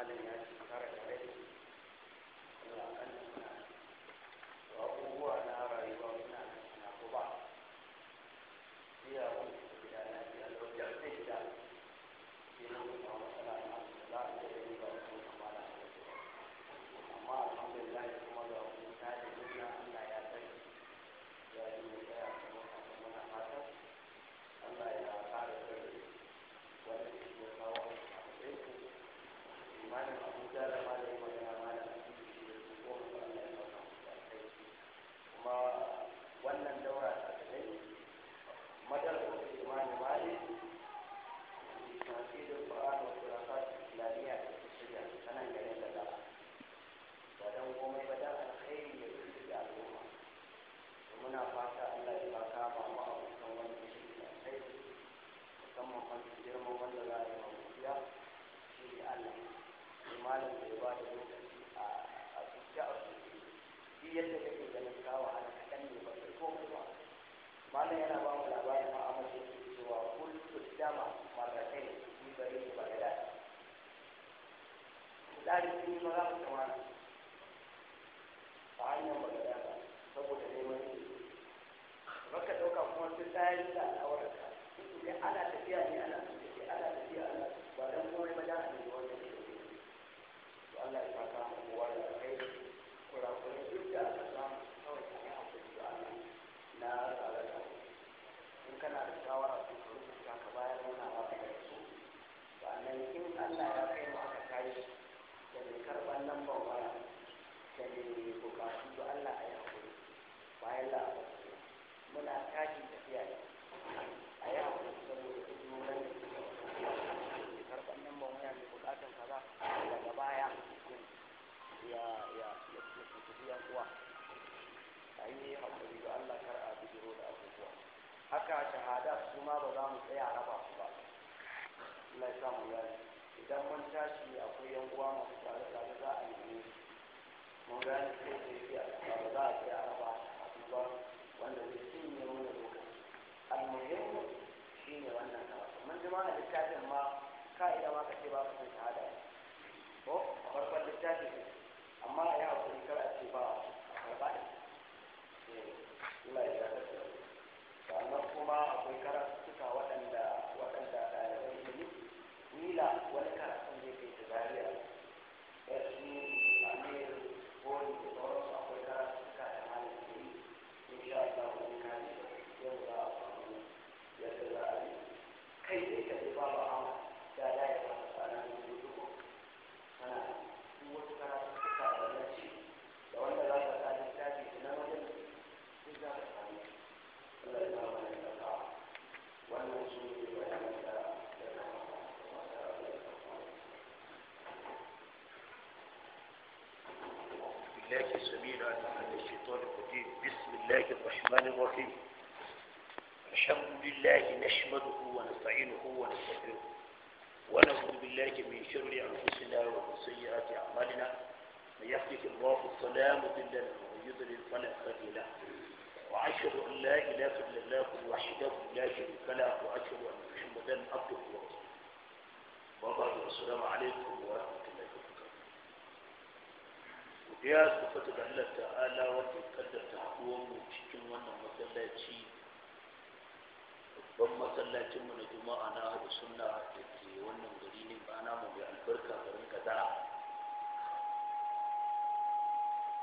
balẹ̀ yẹn ti sáré lọ. ƙarin jini ma za ka tawara ba hanyar ba da ba saboda neman jini baka ɗauka kuma sai a yi da al'aurarka ana tafiya ne a muna tashi tafiya ne a yi hakuri saboda idolan da ke wani karɓar nan ba wani mai buƙatar kaza daga baya ya ya ya tafi yan uwa a yi hakuri da Allah kar a bijiro da abubuwa haka shahada su ma ba za mu tsaya raba su ba Allah ya samu yani idan mun tashi akwai yan uwa masu tare tare za a yi nemi mun gane sai da yake ba za a tsaya raba ba. wanda zai ne mana lokaci almuhimmu shine wannan karatu mun ji a littafin ma بالله السميع العليم من الشيطان الرجيم بسم الله الرحمن الرحيم الحمد لله نحمده ونستعينه ونستغفره ونعوذ بالله من شر انفسنا ومن سيئات اعمالنا من يهده الله فلا مضل له ومن يضلل فلا هادي له واشهد ان لا اله الا الله وحده لا شريك له واشهد ان محمدا عبده ورسوله وبعد السلام عليكم ورحمه الله وبركاته ya tabbata da Allah ta'ala wanda ya kaddata haɗuwar mu cikin wannan masallaci babban masallacin mu na juma'a na abu sunna da ke wannan gari ne ba na mu mai albarka garin kaza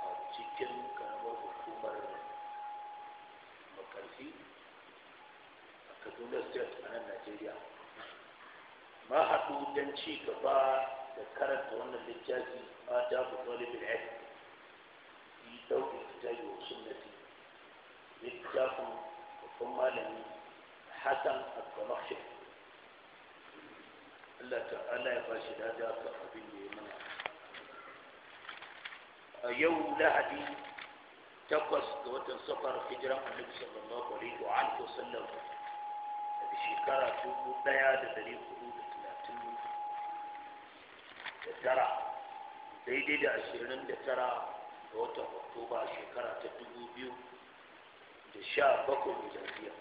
a cikin karamar hukumar makarfi a kaduna state a nan najeriya ma haɗu don ci gaba da karanta wannan littafi ma da ku talibin ilmi جاكم ثم لم حسن الطلخش الا تعالى يقاشد هذا الصحفي من يوم لهدي تقص قوت السفر هجرة النبي صلى الله عليه وآله وسلم بشكرة تبو بياد دليل قدود ثلاثين ترى ديدي دي عشرين دي ترى قوت أكتوبر شكرة تبو بيو da sha bakwai hijiriya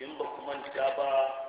in ba kuma manta ba